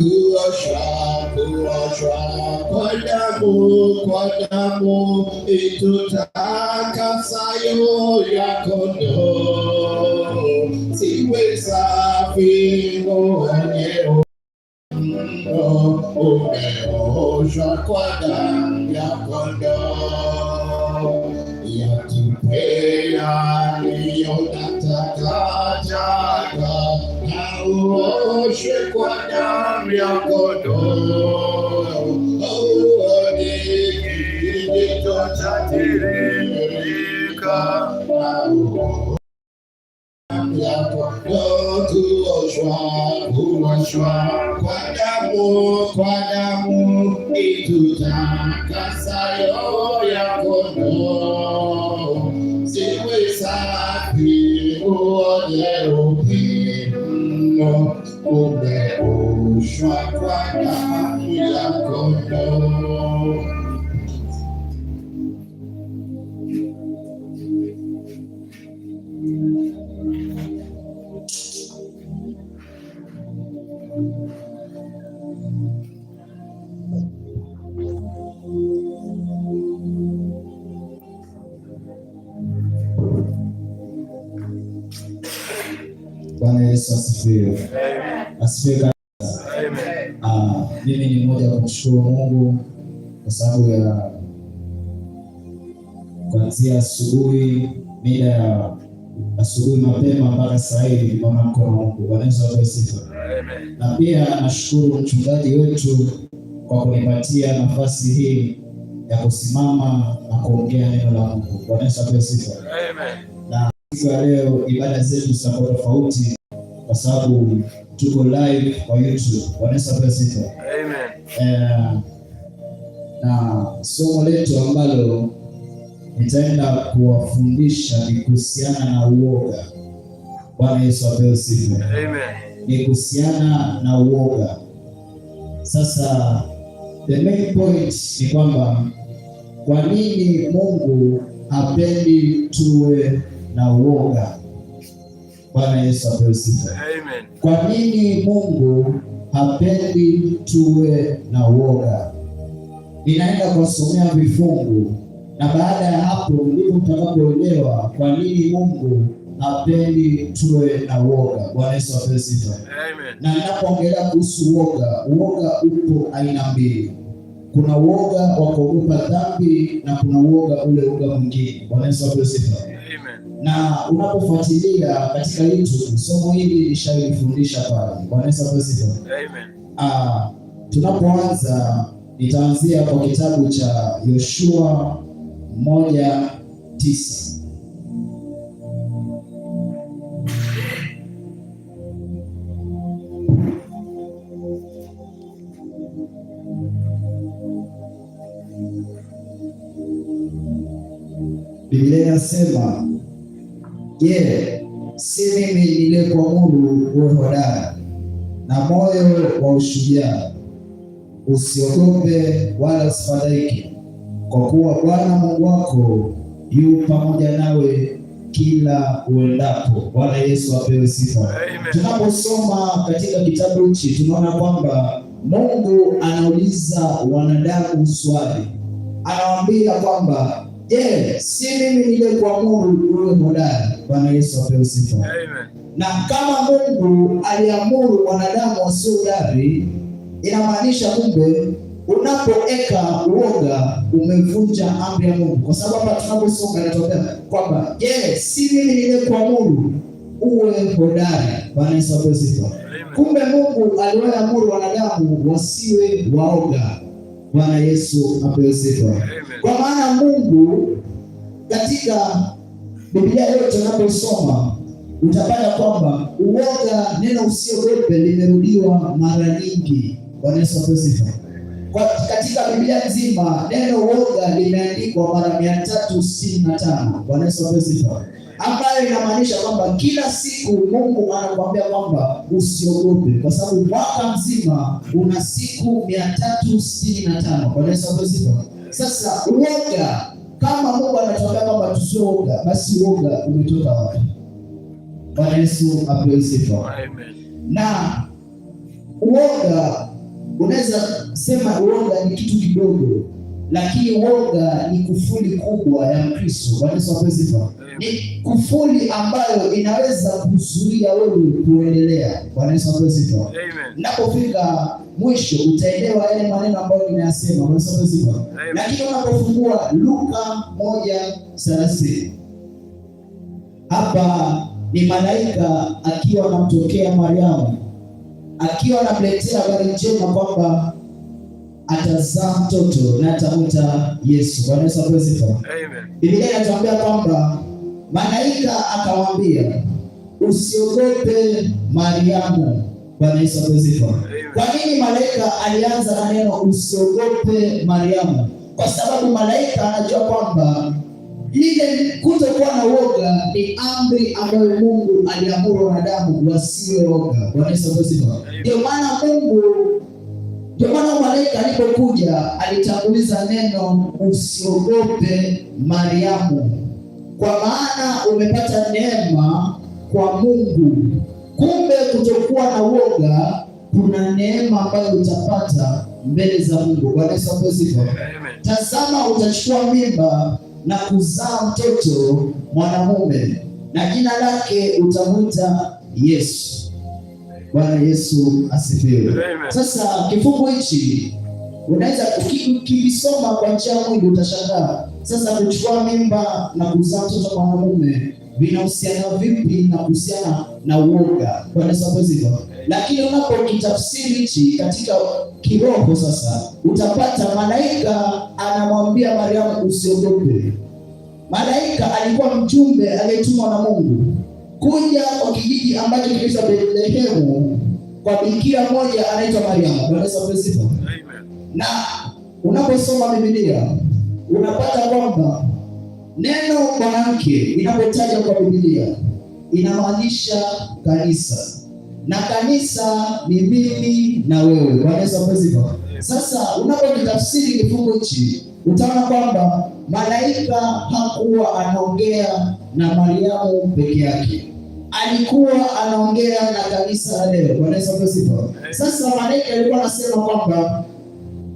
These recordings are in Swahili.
kuoshwa, kuoshwa kwa damu, kwa damu itutakasayo ya kondoo, siwe safi mwenyewe umeoshwa kwa damu ya kondoo, yakipea niliyotakataka na uoshwe kwa amri yako hauoni kijito chatiririka tuoshwa kuoshwa kwa damu kwa damu itutakasa roho yako asifiwe. Asifiwe. Ah, mimi ni mmoja wa kumshukuru Mungu kwa sababu ya kuanzia asubuhi mida ya asubuhi mapema mpaka saa hii nimeona mkono wa Mungu. Bwana Yesu Na pia nashukuru mchungaji wetu kwa kunipatia nafasi hii ya kusimama na kuongea neno la Mungu. Bwana Yesu Amen. Na siku ya leo ibada zetu zitakuwa tofauti kwa sababu tuko live kwa YouTube. Amen. Eh, na somo letu ambalo nitaenda kuwafundisha ni kuhusiana na uoga. Bwana Yesu apewe sifa. Amen. Ni kuhusiana na uoga. Sasa the main point ni kwamba kwa nini Mungu apendi tuwe na uoga? Bwana Yesu apewe sifa. Amen. Kwa nini Mungu hapendi tuwe na woga? Ninaenda kuwasomea vifungu na baada ya hapo ndipo mtakapoelewa kwa nini Mungu hapendi tuwe na woga. Bwana Yesu apewe sifa. Amen. Na ninapoongelea kuhusu woga, woga upo aina mbili. Kuna woga wa kuogopa dhambi na kuna woga ule woga mwingine. Bwana Yesu apewe sifa na unapofuatilia katika YouTube somo hili lishalifundisha pale. Bwana Yesu Amen. Ah, tunapoanza nitaanzia kwa kitabu cha Yoshua moja tisa. Biblia inasema Je, si mimi niliyekuamuru uwe hodari na moyo wa ushujaa, usiogope wala usifadhaike, kwa kuwa Bwana Mungu wako yu pamoja nawe kila uendapo. Bwana Yesu apewe sifa. Tunaposoma katika kitabu hichi tunaona kwamba Mungu anauliza wanadamu swali, anawaambia kwamba je, si mimi niliyekuamuru uwe hodari Bwana Yesu apewe sifa. Na kama Mungu aliamuru wanadamu wasio hodari, inamaanisha kumbe unapoweka uoga umevunja amri ya Mungu, kwa sababu hapa tunaposoma inatokea kwamba je, yes, si mimi nilikuamuru uwe hodari? Bwana Yesu apewe sifa. Kumbe Mungu aliwaamuru wanadamu wasiwe waoga. Bwana Yesu apewe sifa, kwa maana Mungu katika Biblia yote unaposoma utapata kwamba uoga, neno usiogope, limerudiwa mara nyingi. Bwana Yesu asifiwe. Kwa katika Biblia nzima neno uoga limeandikwa mara mia tatu sitini na tano. Bwana Yesu asifiwe, ambayo inamaanisha kwamba kila siku Mungu anakuambia kwamba usiogope, kwa sababu mwaka mzima una siku mia tatu sitini na tano. Bwana Yesu asifiwe. Sasa uoga kama Mungu anatuambia kwamba tusioga, basi oga umetoka wapi? Bwana Yesu apewe sifa. Na uoga unaweza sema uoga ni kitu kidogo, lakini uoga ni kufuli kubwa ya Mkristo. Bwana Yesu apewe sifa ni kufuli ambayo inaweza kuzuia wewe kuendelea. Bwana Yesu asifiwe. Unapofika mwisho utaelewa yale maneno ambayo nimeyasema. Bwana Yesu asifiwe. Lakini unapofungua Luka 1:30 hapa ni malaika akiwa anamtokea Mariamu akiwa anamletea habari njema kwamba atazaa mtoto na atamwita Yesu. Bwana Yesu asifiwe. Biblia inatuambia kwamba Malaika akamwambia usiogope Mariamu. Bwana Yesu asifiwe. Kwa nini malaika alianza na neno usiogope Mariamu? Kwa sababu malaika anajua kwamba ile kutokuwa na woga ni amri ambayo Mungu aliamuru wanadamu wasiwe oga. Bwana Yesu asifiwe. Ndio maana Mungu, ndio maana malaika alipokuja alitanguliza neno usiogope Mariamu kwa maana umepata neema kwa Mungu. Kumbe kutokuwa na woga, kuna neema ambayo utapata mbele za Mungu. Bwana Yesu apewe sifa. Tazama, utachukua mimba na kuzaa mtoto mwanamume, na jina lake utamwita Yesu. Bwana Yesu asifiwe. Sasa kifungu hichi Unaweza ukisoma kwa njia ya utashangaa. Sasa kuchukua mimba na kuzaa mtoto kwa mwanamume vinahusiana vipi na kuhusiana na uoga? Bwana Yesu. Lakini unapo kitafsiri hichi katika kiroho sasa, utapata malaika anamwambia Mariamu, usiogope. Malaika alikuwa mjumbe aliyetumwa na Mungu kuja kwa kijiji ambacho kinaitwa Bethlehemu kwa bikira moja anaitwa Mariamu. Bwana Yesu. Na unaposoma Biblia unapata kwamba neno mwanamke inapotajwa kwa Biblia inamaanisha kanisa na kanisa ni mimi na wewe. Wanaweza kuzipa. Sasa unapotafsiri kifungu hichi utaona kwamba malaika hakuwa anaongea na Mariamu peke yake, alikuwa anaongea na kanisa leo. Wanaweza kuzipa. Sasa malaika alikuwa anasema kwamba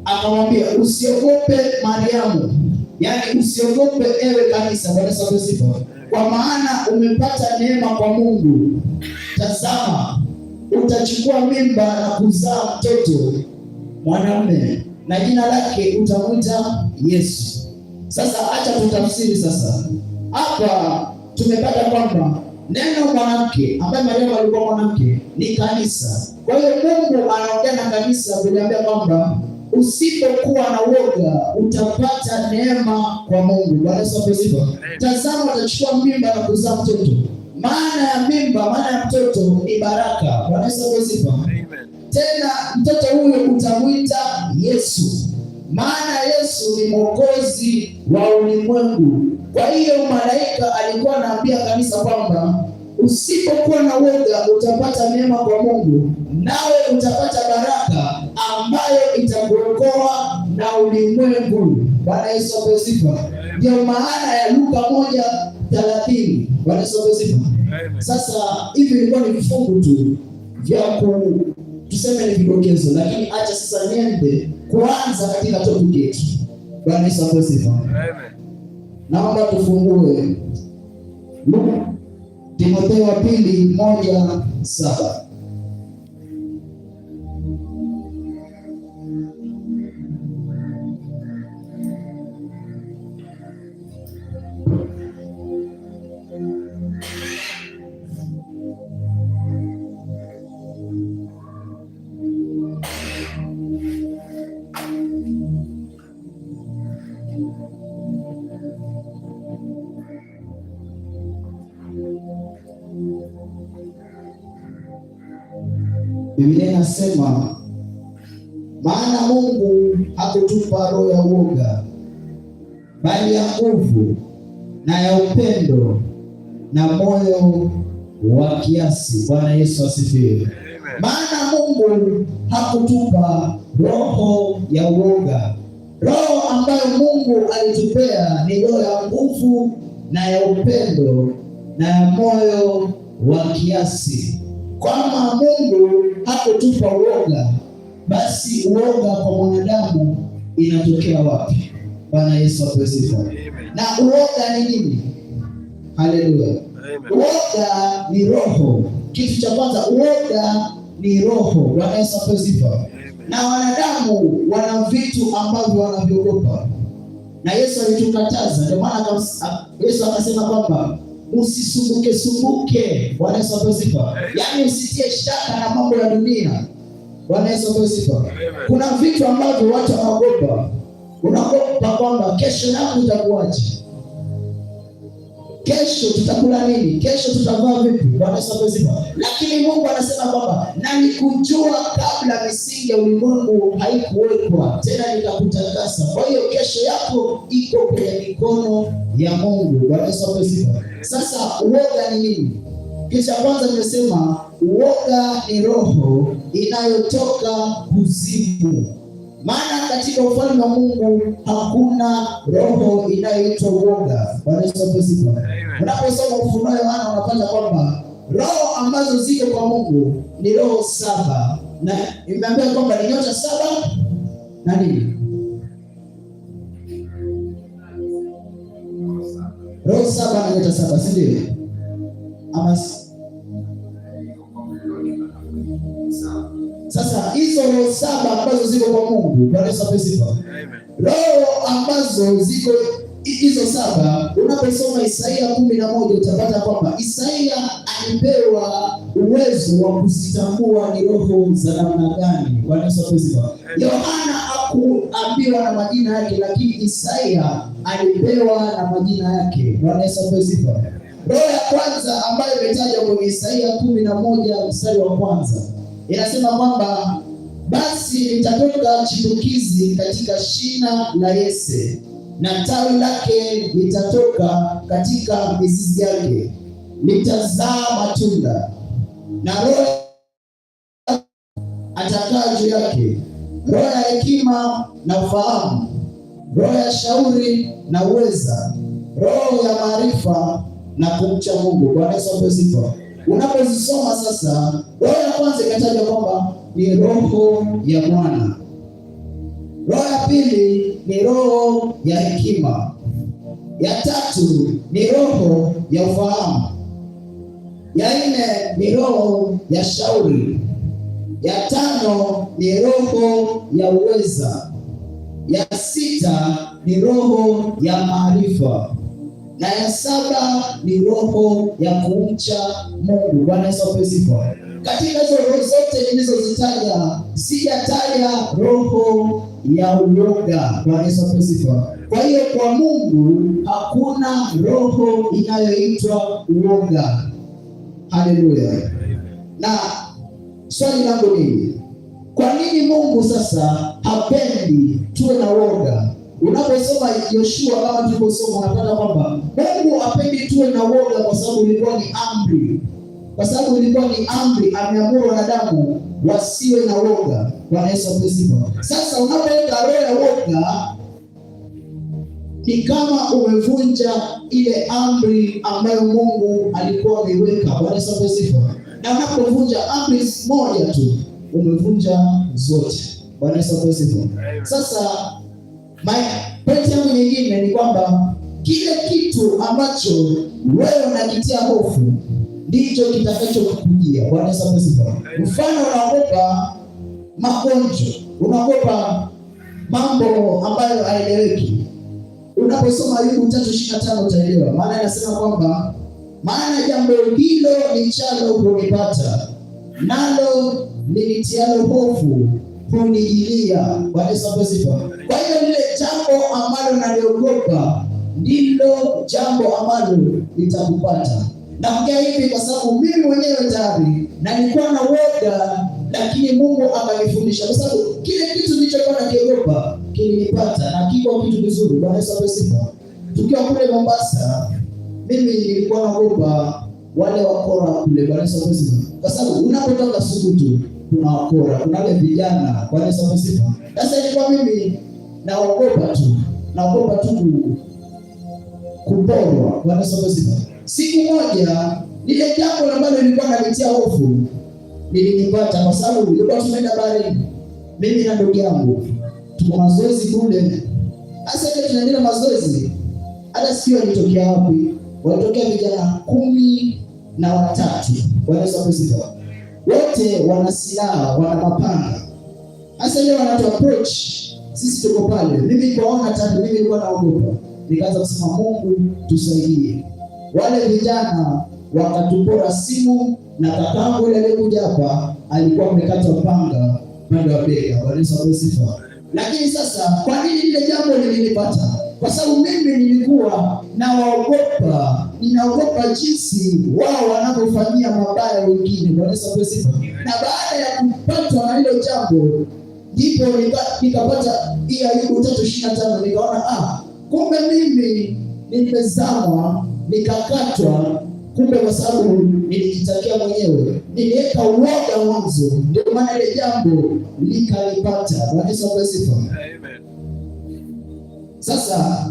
akamwambia usiogope Mariamu, yaani usiogope ewe kanisa. Bwana Yesu Kwa maana umepata neema kwa Mungu. Tazama, utachukua mimba na kuzaa mtoto mwanaume, na jina lake utamwita Yesu. Sasa acha tutafsiri sasa. Hapa tumepata kwamba neno mwanamke ambaye Mariamu alikuwa mwanamke ni kanisa. Kwa hiyo Mungu anaongea na kanisa kuliambia kwamba Usipokuwa na woga utapata neema kwa Mungu. Bwana asifiwe. Tazama, utachukua mimba na kuzaa mtoto. Maana ya mimba, maana ya mtoto ni baraka. Bwana asifiwe. Tena mtoto huyo utamwita Yesu, maana Yesu ni mwokozi wa ulimwengu. Kwa hiyo malaika alikuwa anaambia kanisa kwamba usipokuwa na woga utapata neema kwa Mungu nawe utapata baraka ambayo itakuokoa na ulimwengu. Bwana Yesu apewe sifa. Ndio maana ya Luka moja thelathini. Bwana Yesu apewe sifa. Sasa hivi ilikuwa ni vifungu tu vya tuseme ni vidokezo, lakini acha sasa niende kwanza katika topic yetu. Bwana Yesu apewe sifa. Naomba tufungue Timotheo wa pili moja saba. hakutupa roho ya uoga, bali ya nguvu na ya upendo na moyo wa kiasi. Bwana Yesu asifiwe. Maana Mungu hakutupa roho ya uoga. Roho ambayo Mungu alitupea ni roho ya nguvu na ya upendo na ya moyo wa kiasi. Kama Mungu hakutupa uoga, basi uoga kwa mwanadamu inatokea wapi? Bwana Yesu apewe sifa. Na uoga ni nini? Haleluya! Uoga ni roho. Kitu cha kwanza, uoga ni roho. Bwana Yesu apewe sifa. Na wanadamu wana vitu ambavyo wanaviogopa, na Yesu alitukataza. Ndio maana Yesu akasema kwamba usisumbuke sumbuke. Bwana Yesu apewe sifa, yaani usitie shaka na mambo ya dunia Bwana Yesu apewe sifa. Kuna vitu ambavyo watu wanaogopa, unaogopa kwamba kesho yako itakuwaje, kesho tutakula nini, kesho tutavaa vipi? Bwana Yesu apewe sifa. Lakini Mungu anasema kwamba na nikujua kabla misingi ya ulimwengu haikuwekwa, tena nikakutakasa. Kwa hiyo kesho yako iko kwenye mikono ya Mungu. Bwana Yesu apewe sifa. Sasa uoga ni nini? Kisha kwanza nimesema woga ni roho inayotoka kuzimu, maana katika ufalme wa Mungu hakuna roho inayoitwa woga. uoga. Unaposoma Ufunuo Yohana unapata kwamba roho ambazo ziko kwa Mungu ni roho saba, na imeambia kwamba ni nyota saba na nini, roho saba na nyota saba, si ndio? Sasa hizo roho saba ambazo ziko kwa Mungu, Bwana Yesu Amen. Roho ambazo ziko hizo saba, unaposoma Isaia kumi na moja utapata kwamba Isaia alipewa uwezo wa kuzitambua ni roho za namna gani. Bwana Yesu Yohana hakuambiwa na majina yake, lakini Isaia alipewa na majina yake. Bwana Yesu Roho ya kwanza ambayo imetajwa kwenye Isaia kumi na moja mstari wa kwanza inasema kwamba basi litatoka chipukizi katika shina la Yese na tawi lake litatoka katika mizizi yake, litazaa matunda, na roho atakaa juu yake, roho ya hekima na ufahamu, roho ya shauri na uweza, roho ya maarifa na kumcha Mungu. Bwana Yesu asifiwe. Unapozisoma sasa, roho ya kwanza ikataja kwamba ni roho ya Bwana. Roho ya pili ni roho ya hekima, ya tatu ni roho ya ufahamu, ya nne ni roho ya shauri, ya tano ni roho ya uweza, ya sita ni roho ya maarifa na ya saba ni roho ya kumcha Mungu. Bwana Yesu apewe Katika hizo roho zote nilizozitaja, sijataja roho ya uoga. Bwana Yesu apewe Kwa hiyo kwa Mungu hakuna roho inayoitwa uoga. Haleluya. Na swali langu nini? Kwa nini Mungu sasa hapendi tuwe na uoga? Unaposoma Yoshua kama tuliposoma, unapata kwamba Mungu apendi tuwe na woga, kwa sababu ilikuwa ni amri, kwa sababu ilikuwa ni amri, ameamuru wanadamu wasiwe na woga. Bwana Yesu Sasa unapoenda roho ya woga ni kama umevunja ile amri ambayo Mungu alikuwa ameiweka. Bwana Yesu asifiwe. Na unapovunja amri moja tu umevunja zote. Bwana Yesu Sasa Pointi yangu nyingine ni kwamba kile kitu ambacho wewe unakitia hofu ndicho kitakachokujia. Bwana Yesu asifiwe. Mfano, unaogopa magonjwa, unaogopa mambo ambayo haeleweki. Unaposoma Ayubu tatu ishirini na tano utaelewa maana, inasema kwamba maana jambo hilo ni chalo kunipata nalo linitialo hofu kunijilia. Bwana Yesu asifiwe. Kwa hiyo lile jambo ambalo naliogopa ndilo jambo ambalo litakupata. Naongea hivi kwa sababu mimi mwenyewe tayari nalikuwa na woga, lakini Mungu akanifundisha, kwa sababu kile kitu nilichokuwa nakiogopa kilinipata na kiko kitu kizuri. Bwana Yesu asifiwe. Tukiwa kule Mombasa, mimi nilikuwa naogopa wale wakora kule. Bwana Yesu asifiwe, kwa sababu unapotoka tu kuna wakora, kuna wale vijana wanesabasifa. Sasa ilikuwa mimi naogopa tu, naogopa tu kuporwa, Kwa wanesabasifa. Siku moja lile jambo ambalo nilikuwa nalitia hofu nilinipata, kwa sababu nilikuwa tumeenda baharini, mimi na ndugu yangu, tuko mazoezi kule. Sasa ile tunaendelea mazoezi, hata sikio nitokea wapi, walitokea vijana kumi na watatu wanesabasifa wote wana silaha, wana mapanga. Hasa ile wanatu approach sisi, tuko pale. Mimi kwaona tatu, mimi nilikuwa naogopa, nikaanza kusema Mungu tusaidie. Wale vijana wakatupora simu na kakangu ile aliyekuja hapa alikuwa amekata panga pande wa bega, wanaweza kusifa. Lakini sasa, kwa nini lile jambo lilinipata? kwa sababu mimi nilikuwa nawaogopa, ninaogopa jinsi wao wanavyofanyia mabaya wengine. Bwana Na baada ya kupatwa na hilo jambo, ndipo nikapata hii Ayubu tatu ishirini na tano nikaona ah, kumbe mimi nimezama nikakatwa kumbe kwa sababu nilijitakia mwenyewe, niliweka uoga mwanzo, ndio maana ile jambo likalipata. Bwana Yesu asifiwe. Amen. Sasa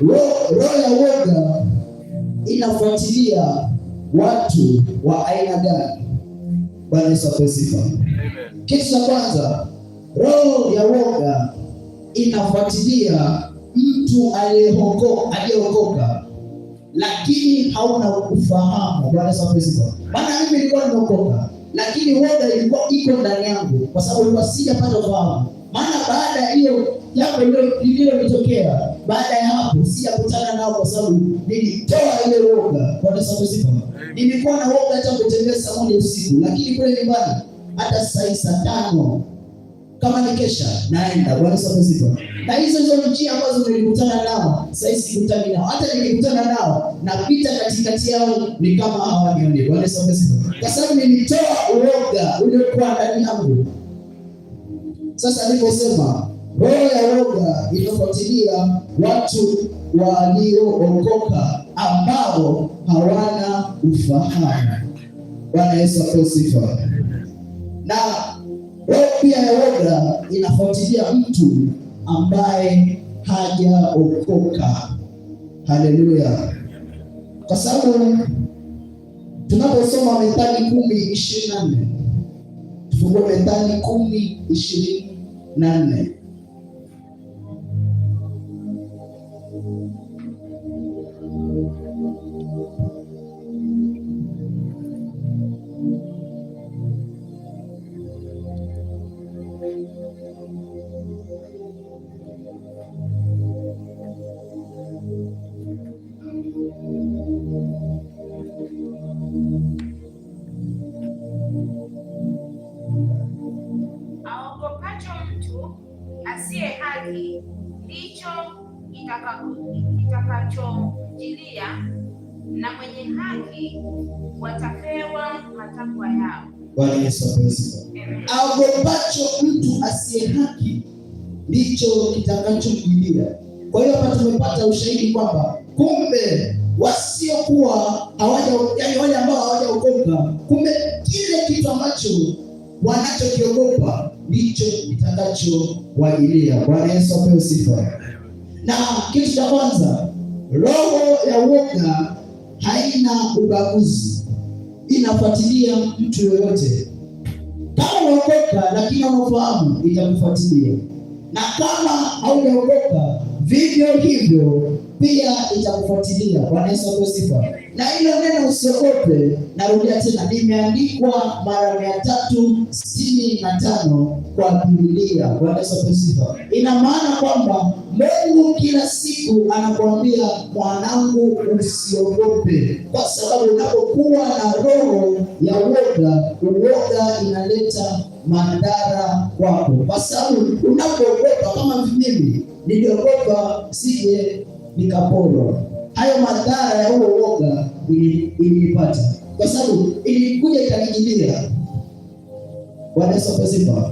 roho ya woga inafuatilia watu wa aina gani? Bwana Yesu apewe sifa. Kitu cha kwanza, roho ya woga inafuatilia mtu aliyeokoka lakini hauna ufahamu. Bwana Yesu apewe sifa. Maana mimi nilikuwa nimeokoka, lakini woga ilikuwa iko ndani yangu, kwa sababu ilikuwa sijapata ufahamu. Maana baada ya hiyo jambo ndio iliyotokea. Baada ya hapo sijakutana nao kwa sababu nilitoa ile woga. kwa sababu zipo nilikuwa na woga hata kutembea saa moja usiku, lakini kule nyumbani hata saa saa tano kama nikesha naenda. Bwana sababu zipo Na hizo hizo njia ambazo nilikutana nao, sasa hizi sikutani nao. Hata nilikutana nao napita katikati yao ni kama hawanioni. Bwana sababu zipo kwa sababu nilitoa uoga uliokuwa ndani yangu. Sasa niliposema Roho ya woga inafuatilia watu waliookoka ambao hawana ufahamu. Bwana Yesu apewe sifa. Na roho pia ya woga inafuatilia mtu ambaye hajaokoka. Haleluya! Kwa sababu tunaposoma Methali kumi ishirini na nne tufungue Methali kumi ishirini na nne Yesu mtu asiye haki ndicho kitakachomjilia. Kwa hiyo hapa tumepata ushahidi kwamba kumbe wasiokuwa yaani, wale ambao hawajaokoka, kumbe kile kitu ambacho wanachokiogopa ndicho kitakachowajilia. Bwana Yesu apewe sifa. Na kitu cha kwanza, roho ya uoga haina ubaguzi, inafuatilia mtu yoyote kama unaokoka lakini unafahamu, itakufuatilia na kama haujaokoka vivyo hivyo pia itakufuatilia. Bwana Yesu asifiwe. Na hilo neno usiogope, narudia tena, limeandikwa mara mia tatu sitini na tano kwa Biblia. Bwana Yesu asifiwe. Ina maana kwamba Mungu kila siku anakuambia mwanangu, usiogope, kwa sababu unapokuwa na roho ya uoga, uoga inaleta madhara kwako, kwa sababu unapoogopa kama mimi niliogopa sije nikaporwa. Hayo madhara ya huo woga ilinipata kwa sababu ilikuja ikanijilia. Bwana Yesu asifiwe.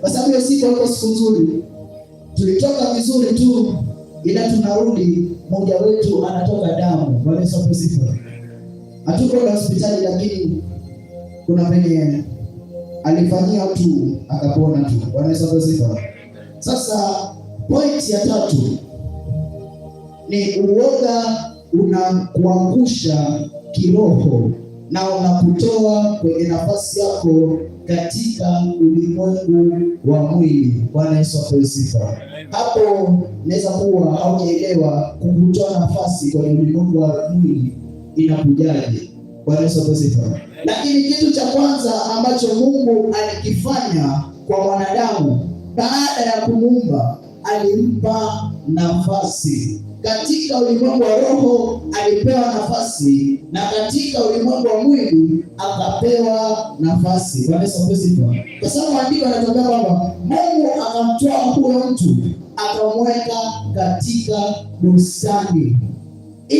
Kwa sababu hiyo siku ilikuwa siku nzuri, tulitoka vizuri tu, ila tunarudi, mmoja wetu anatoka damu. Bwana Yesu asifiwe. Hatuko na hospitali, lakini kuna penye alifanyia tu akapona tu. Wanaweza sifa. Sasa point ya tatu ni uoga unakuangusha kiroho na unakutoa kwenye nafasi yako katika ulimwengu wa mwili. Bwana Yesu apewe sifa. Hapo naweza kuwa au haujaelewa, kukutoa nafasi kwenye ulimwengu wa mwili inakujaje? Bwana Yesu asifiwe. Lakini kitu cha kwanza ambacho Mungu alikifanya kwa mwanadamu baada ya kumuumba, alimpa nafasi katika ulimwengu wa roho alipewa nafasi, na katika ulimwengu wa mwili akapewa nafasi. Bwana Yesu asifiwe. Kwa sababu maandiko yanatuambia kwamba Mungu akamtoa huyo mtu akamweka katika bustani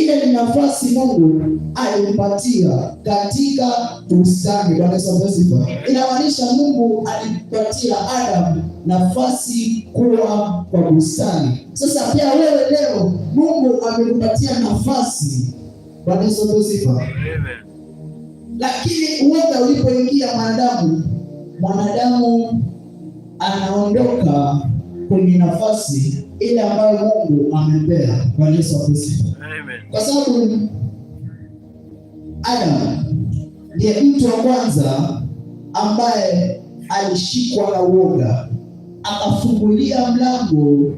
ile ni nafasi Mungu alimpatia katika bustani. Bwana Yesu sifa. Inamaanisha Mungu alimpatia Adamu nafasi kuwa kwa bustani. Sasa pia wewe leo Mungu amekupatia nafasi. Bwana sifa. Amen. Lakini uoga ulipoingia mwanadamu, mwanadamu anaondoka kwenye nafasi ile ambayo Mungu amempea kwa Yesu Kristo, kwa sababu Adam ndiye mtu wa kwanza ambaye alishikwa na uoga akafungulia mlango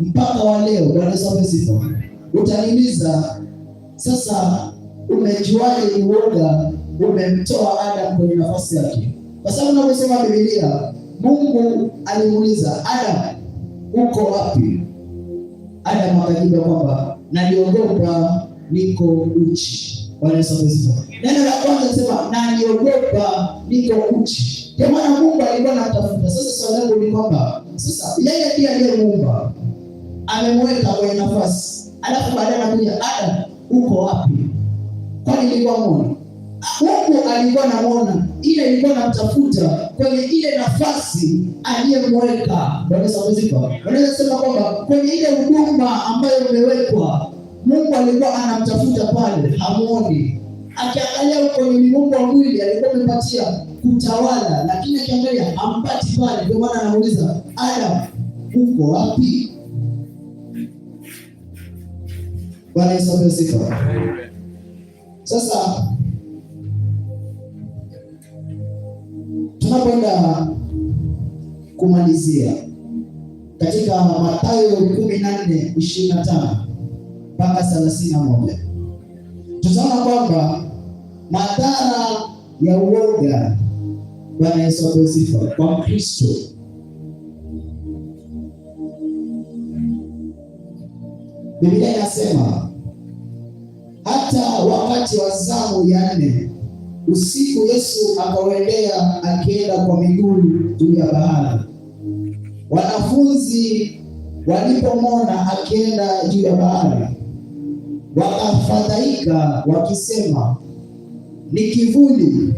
mpaka wa leo. Bwana Yesu asifiwe. Utaniuliza sasa, umejuaje uoga umemtoa Adam kwenye nafasi yake? Kwa sababu unaposoma Biblia Mungu alimuuliza Adam, uko wapi? Adam akajibu kwamba naliogopa, niko uchi. Neno la kwanza sema naliogopa, niko uchi. Kwa maana Mungu alikuwa anatafuta. Sasa swali langu ni kwamba sasa yeye ndiye aliyemuumba, amemweka kwenye nafasi, alafu baadaye anakuja Adam, uko wapi? Kwani nilikuwa muone huku alikuwa namwona, ile ilikuwa namtafuta kwenye ile nafasi aliyemweka. Unaweza sema kwamba kwenye ile huduma ambayo imewekwa, Mungu alikuwa anamtafuta pale, hamuoni. Akiangalia kwenye miungu wa mwili alikuwa amepatia kutawala, lakini akiangalia ampati pale. Ndio maana anamuuliza Adam, uko wapi? Bwana Yesu Sasa tunapoenda kumalizia katika Mathayo tano mpaka 31, tutaona kwamba madhara ya uoga. Bwana Yesu wakuzifa Kwa Mkristo Biblia inasema hata wakati wa zamu ya nne Usiku Yesu akawaendea akienda kwa miguu juu ya bahari. Wanafunzi walipomwona akienda juu ya bahari, wakafadhaika wakisema, ni kivuli,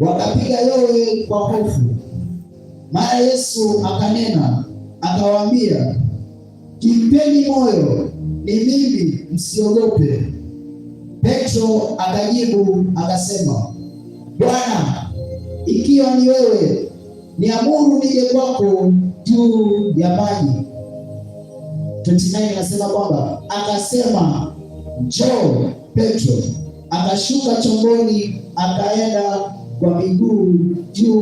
wakapiga yowe kwa hofu. Mara Yesu akanena akawaambia, kimpeni moyo, ni mimi, msiogope. Petro akajibu akasema, Bwana, ikiwa ni wewe, niamuru nije kwako juu ya maji. 29 anasema kwamba akasema, njoo Petro. Akashuka chomboni akaenda kwa miguu juu